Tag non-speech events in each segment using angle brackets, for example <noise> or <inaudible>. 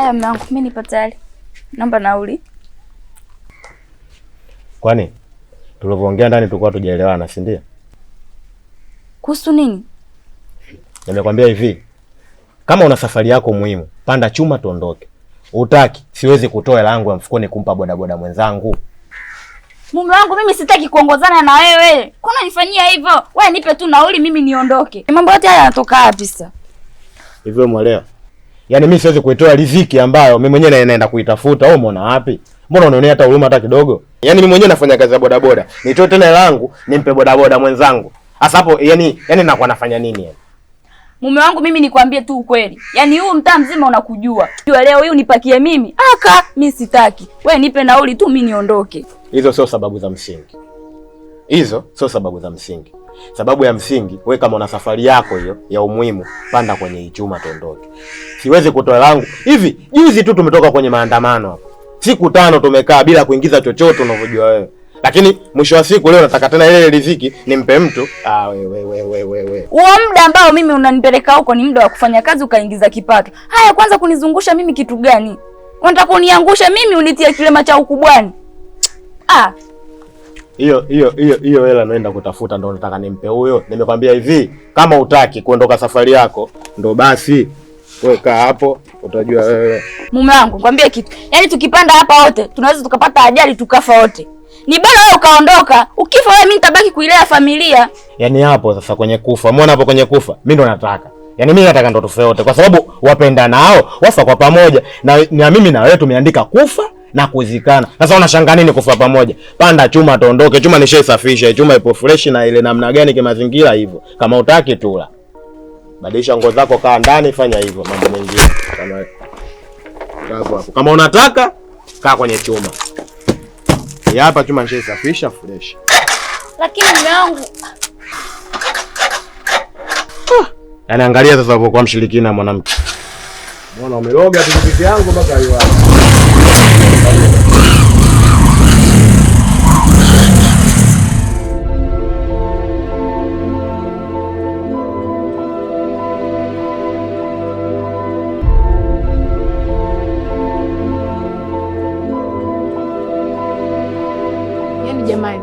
Aya mwanangu, mimi nipo tayari, naomba nauli. Kwani tulivyoongea ndani tulikuwa tujaelewana, si ndio? Kuhusu nini? Nimekwambia hivi, kama una safari yako muhimu, panda chuma tuondoke. Utaki siwezi kutoa hela yangu ya mfukoni kumpa bodaboda mwenzangu. Mume wangu mimi sitaki kuongozana na wewe. Kwa nini nifanyia hivyo? Wewe nipe tu nauli mimi niondoke. Mambo yote haya yanatoka wapi sasa? Hivyo mwalea. Yaani mimi siwezi kuitoa riziki ambayo mimi mwenyewe naenda kuitafuta. Wewe umeona wapi? Mbona unaonea hata huruma hata kidogo? Yaani mimi mwenyewe nafanya kazi ya bodaboda. Nitoe tena hela yangu nimpe bodaboda mwenzangu. Sasa hapo yani yani nakuwa nafanya nini yani? Mume wangu mimi nikwambie tu ukweli. Yaani huu mtaa mzima unakujua. Jua leo hii unipakie mimi. Aka mimi sitaki. Wewe nipe nauli tu mimi niondoke. Hizo sio sababu za msingi. Hizo sio sababu za msingi. Sababu ya msingi, we kama una safari yako hiyo ya umuhimu, panda kwenye ichuma tondoke. Siwezi kutoa langu hivi. Juzi tu tumetoka kwenye maandamano hapo, siku tano tumekaa bila kuingiza chochote, unavyojua wewe lakini mwisho wa siku leo nataka tena ile riziki nimpe mtu. Ah, we we we we we we, huo muda ambao mimi unanipeleka huko ni muda wa kufanya kazi ukaingiza kipato. Haya, kwanza kunizungusha mimi kitu gani? Unataka kuniangusha mimi, unitie kilema cha ukubwani? Ah hiyo hiyo hiyo hiyo hela naenda kutafuta, ndo nataka nimpe huyo. Nimekwambia hivi, kama utaki kuondoka safari yako, ndo basi wewe kaa hapo, utajua wewe. Mume wangu, nikwambie kitu, yaani tukipanda hapa wote tunaweza tukapata ajali tukafa wote. Ni bora wewe ukaondoka, ukifa wewe, mimi nitabaki kuilea familia. Yaani hapo sasa kwenye kufa, muona hapo kwenye kufa, mimi ndo nataka Yaani mimi nataka ndo tufe wote, kwa sababu wapenda nao wafa kwa pamoja na, na mimi na wewe tumeandika kufa na kuzikana. Sasa unashangaa nini kufa pamoja? Panda chuma tuondoke, chuma nishaisafisha, chuma ipo fresh na ile namna gani kimazingira hivyo. Kama utaki tula. Badilisha nguo zako, kaa ndani, fanya hivyo mambo mengine. Kama hapo hapo. Kama unataka kaa kwenye chuma. Ya hapa chuma nishaisafisha fresh. Lakini mume wangu ah. Yaani angalia sasa kwa mshirikina mwanamke. Mbona umeloga tu yangu mpaka hiyo hapo. Yaani jamani,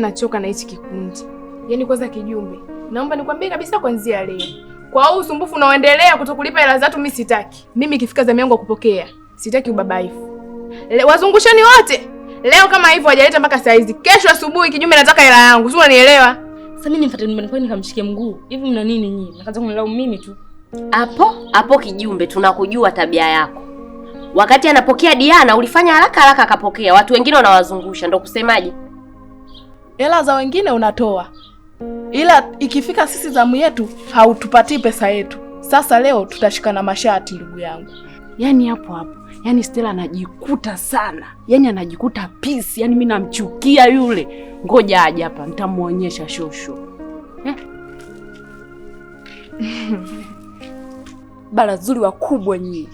nachoka na hichi kikundi. Yaani kwanza kijumbe, naomba nikwambie kabisa kuanzia leo. Kwa huu usumbufu unaoendelea kutokulipa hela zetu mimi sitaki. Mimi ikifika zamu yangu ya kupokea, sitaki ubabaifu wazungusheni wote leo, kama hivyo hajaleta mpaka saa hizi. Kesho asubuhi kinyume, nataka hela yangu, si unanielewa? Sasa mimi nifuate nyumbani kwani nikamshikie mguu hivi, mna nini nyinyi? Nakaanza kunilaumu mimi tu hapo hapo. Kijumbe, tunakujua tabia yako. Wakati anapokea Diana ulifanya haraka haraka, akapokea. Watu wengine wanawazungusha, ndo kusemaje? Hela za wengine unatoa, ila ikifika sisi zamu yetu hautupatii pesa yetu. Sasa leo tutashikana mashati, ndugu yangu, yaani hapo hapo Yaani Stella anajikuta sana, yaani anajikuta pisi, yaani mi namchukia yule. Ngoja aje hapa nitamwonyesha shosho eh? <laughs> bara zuri wakubwa nyinyi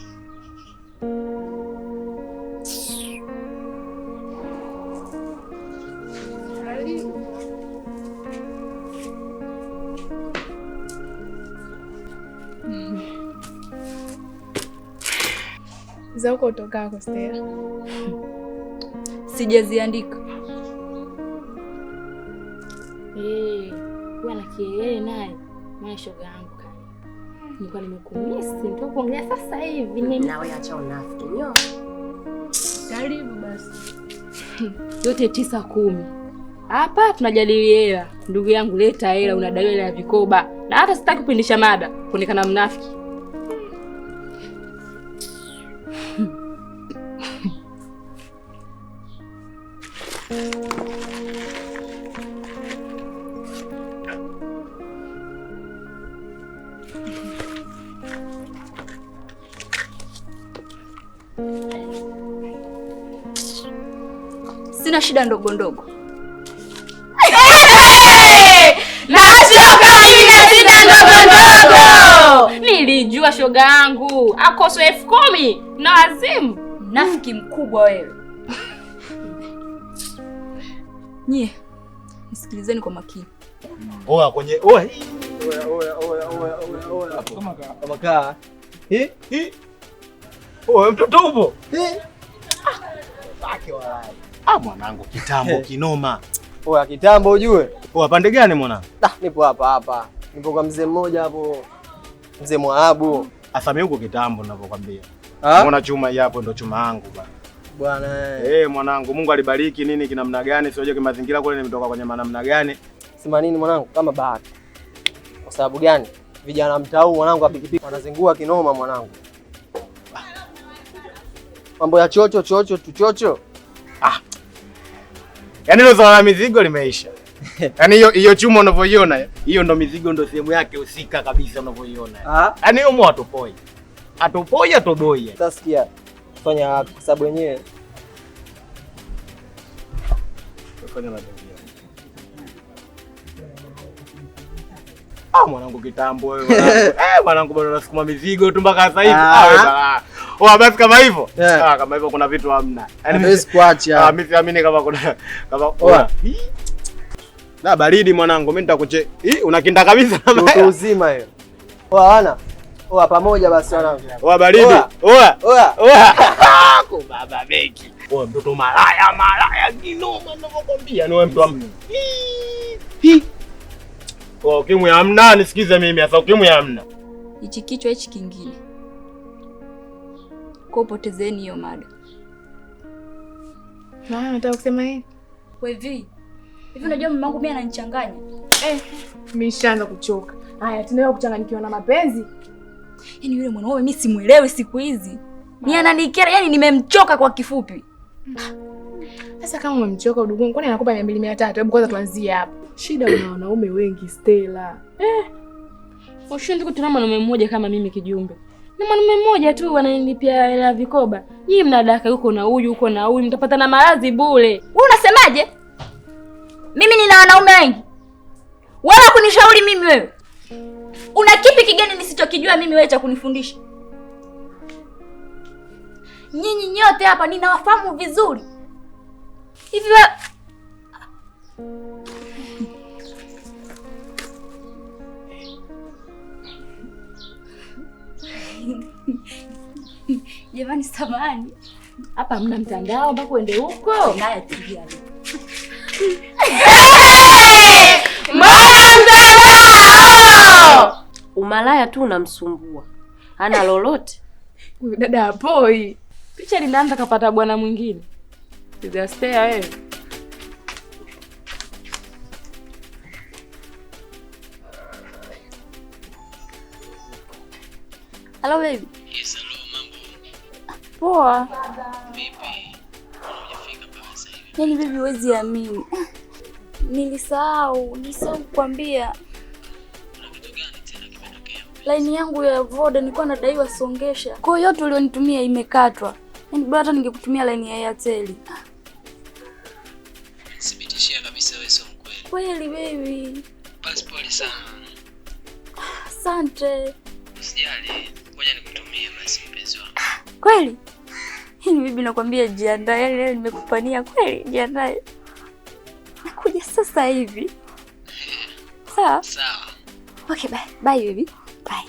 za huko utokako Stella? Sijaziandika. Hey, eh, wana kielele naye mwana shoga yangu nilikuwa nimekumisi, ndio kuongea sasa hivi. Nawe acha unafiki nyo. Karibu basi <laughs> yote tisa kumi hapa tunajadili hela. Ndugu yangu, leta hela, unadaiwa hela ya vikoba, na hata sitaki kupindisha mada kuonekana mnafiki. Sina shida ndogo ndogo unanijua shoga yangu, akoso elfu kumi na wazimu. Nafiki hmm. mkubwa wewe. <laughs> nye nisikilizeni kwa makini. Oa kwenye oa hii. Oa oa oa oa oa hapo. Kama kaa. Kama kaa. Hii hii. Oa mtoto upo. Hii. Baki ah. wala. Ah, mwanangu kitambo <laughs> kinoma. Oa kitambo ujue. Oa pande gani mwanangu? Ah, nipo hapa hapa. Nipo kwa mzee mmoja hapo mzee Mwaabu. Asa mimi uko kitambo ninavyokuambia. Unaona chuma hapo ndo chuma yangu bwana. Bwana eh. Hey, eh, mwanangu Mungu alibariki nini kina kinamna gani? Sio je mazingira kule nimetoka kwenye namna gani? Sema nini mwanangu kama bahati. Kwa sababu gani? Vijana mtau mwanangu apikipiki wanazingua kinoma mwanangu. Mambo ya chocho chocho tuchocho. Ah. Yaani leo zawadi mizigo limeisha. <laughs> Yaani hiyo hiyo chuma unavyoiona hiyo ndo mizigo ndo sehemu yake husika kabisa unavyoiona. Ah. Yaani hiyo mwa atopoi. Atopoi atodoi. Sasa sikia. Fanya kwa sababu wenyewe. Fanya na Ah, mwanangu kitambo wewe mwanangu. <laughs> Eh, mwanangu bado nasukuma mizigo tu mpaka sasa hivi. Ah, ah wewe. Oh, basi kama hivyo. Ah, kama hivyo kuna vitu hamna. Yaani ah, mimi siamini kama kuna kama oh. Na baridi mwanangu, mimi nitakuche. Hii unakinda kabisa mama. Mtu uzima hiyo. Oa wana. Oa pamoja basi wanangu. Oa baridi. Oa. Oa. Oa. Kwa <laughs> baba beki. Oa mtoto malaya malaya kinoma ninakwambia ni wewe mtu am. Hii. Oa ukimwi amna, nisikize mimi sasa ukimwi amna. Hichi kichwa hichi kingine. Ko potezeni hiyo mada. Mama, nataka kusema nini? Wewe vipi? Hivi unajua mama wangu mimi ananichanganya. Eh, mimi nishaanza kuchoka. Haya, tunaweza kuchanganyikiwa na mapenzi. Yaani yule mwanaume mimi simuelewi siku hizi. Ni ananikera, yaani nimemchoka kwa kifupi. Sasa kama umemchoka udugu kwani anakupa 200 300? Hebu kwanza tuanzie hapo. Shida una wanaume wengi Stella. Eh. Ushindi kutana mwanaume mmoja kama mimi kijumbe. Na mwanaume mmoja tu wananilipia hela vikoba. Yeye mnadaka yuko na huyu yuko na huyu, mtapata na maradhi bure. Wewe unasemaje? Mimi nina wanaume wengi, wala kunishauri mimi. Wewe una kipi kigeni nisichokijua mimi wewe cha kunifundisha? Nyinyi nyote hapa ninawafahamu vizuri. Hivi wewe <laughs> Jamani, samani hapa hamna mtandao mpaka uende huko. Haya, Umalaya tu unamsumbua, ana lolote huyu dada apoi. Picha linaanza kapata bwana mwingine sijastea wewe. Hello baby. Yes, hello mambo. Poa. Vipi? Yaani bibi, huwezi amini, nilisahau nilisahau kukwambia laini yangu ya Voda nilikuwa nadaiwa songesha. Kwa hiyo yote ulionitumia imekatwa. Yaani bora hata ningekutumia laini ya Airtel. Sibitishia kabisa wewe sio mkweli. Kweli baby. Passport sana. Asante. Usijali. Ngoja nikutumie basi mpenzi wangu. Kweli? Yaani <laughs> bibi nakwambia jiandae, yaani leo nimekupania kweli, jiandae. Nakuja sasa hivi. Mm-hmm. Sawa? Sawa. Okay, bye. Bye bibi. Bye.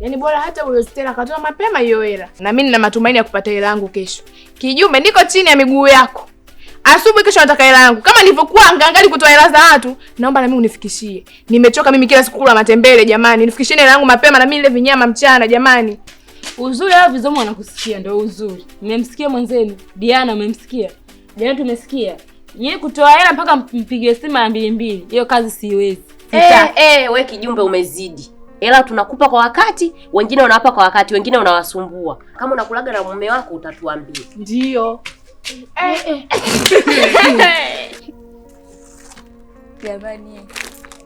Yaani bora hata huyo Stella katoa mapema hiyo hela. Na mimi nina matumaini ya kupata hela yangu kesho. Kijume, niko chini ya miguu yako. Asubuhi kesho nataka hela yangu. Kama nilivyokuwa ngangali kutoa hela za watu, naomba na mimi unifikishie. Nimechoka mimi kila siku kula matembele jamani. Nifikishie hela yangu mapema na mimi nile vinyama mchana jamani. Uzuri hao vizomo wanakusikia ndio uzuri. Mmemsikia mwenzenu Diana, mmemsikia? Jana tumesikia. Yeye kutoa hela mpaka mpigie simu mara mbili mbili. Hiyo kazi siwezi. Eh, eh, wewe kijumbe umezidi. Hela tunakupa kwa wakati, wengine wanawapa kwa wakati, wengine unawasumbua. Kama unakulaga na mume wako utatuambia. Ndio. Eh. <laughs> Jamani,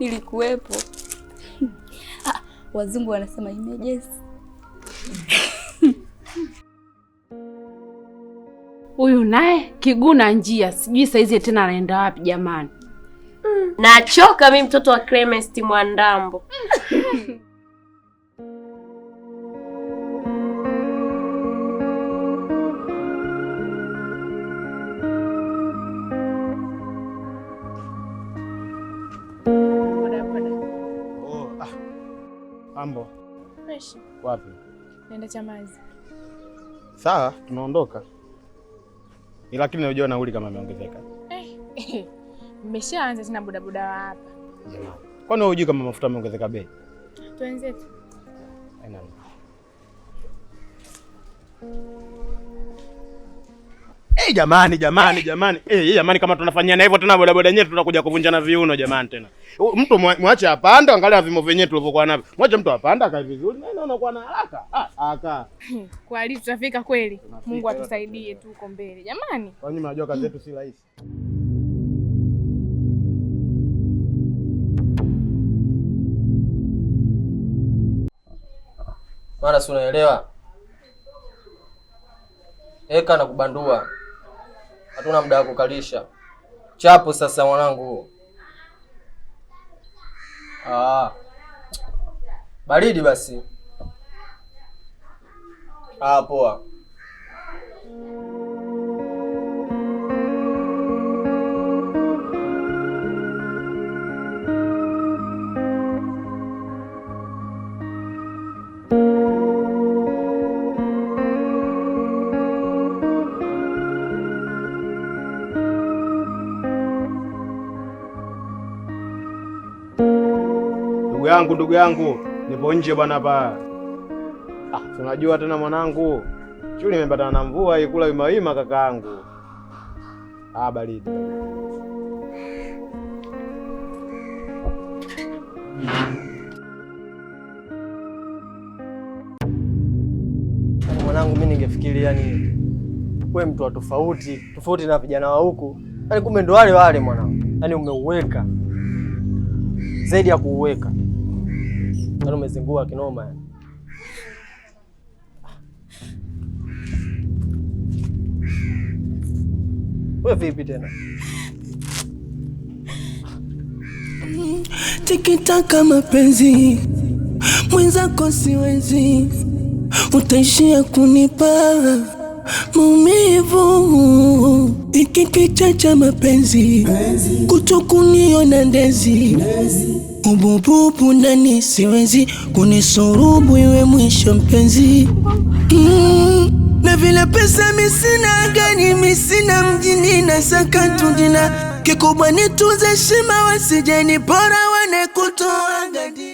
nilikuwepo. Ah, wazungu wanasema imejes. Huyu naye kiguu na njia, sijui saizi tena anaenda wapi jamani. Nachoka mimi mtoto wa Clemence Mwandambo. <laughs> Mambo fresh. Wapi? Naenda Chamazi. Sawa, tunaondoka, lakini najua nauli kama imeongezeka. Mmeshaanza eh, <laughs> tena bodaboda wa hapa jamani, kwani hujui kama mafuta yameongezeka bei? Tuenzetu. Hey, eh, jamani jamani eh. jamani hey, eh, jamani kama tunafanyana hivyo tena boda boda yetu tunakuja kuvunjana viuno jamani tena. Mtu mwache apande angalia vimo vyenyewe tulivyokuwa navyo. Mwache mtu apanda kae vizuri. Na inaona kwa na haraka? Ah, aka. <laughs> Kwa hali tutafika kweli. Mungu atusaidie tu huko mbele. Jamani. Kwa nini mnajua kazi yetu si <clears throat> rahisi? Mara si unaelewa? Eka na kubandua hatuna muda wa kukalisha. Chapo sasa mwanangu. Ah. Baridi basi. Ah, poa. mwanangu, ndugu yangu, nipo nje bwana pa. Ah, tunajua tena mwanangu, shughuli nimepatana na mvua ikula wima wima, kakaangu. Ah, baridi mwanangu. Mimi ningefikiri yani wewe mtu wa tofauti tofauti na vijana wa huku, yani kumbe ndo wale wale mwanangu, yani umeuweka zaidi ya kuuweka Yaani umezingua kinoma Wewe vipi tena? Tikitaka mapenzi mwenzako siwezi, utaishia kunipa maumivu, ikikita cha mapenzi, kutokuniona ndezi, ubububu ndani siwezi, kunisurubu iwe mwisho mpenzi, mm. na vile pesa misina gani misina mjini na sakatu jina kikubwa, nituze shima wasijeni, bora wane kutoa gadi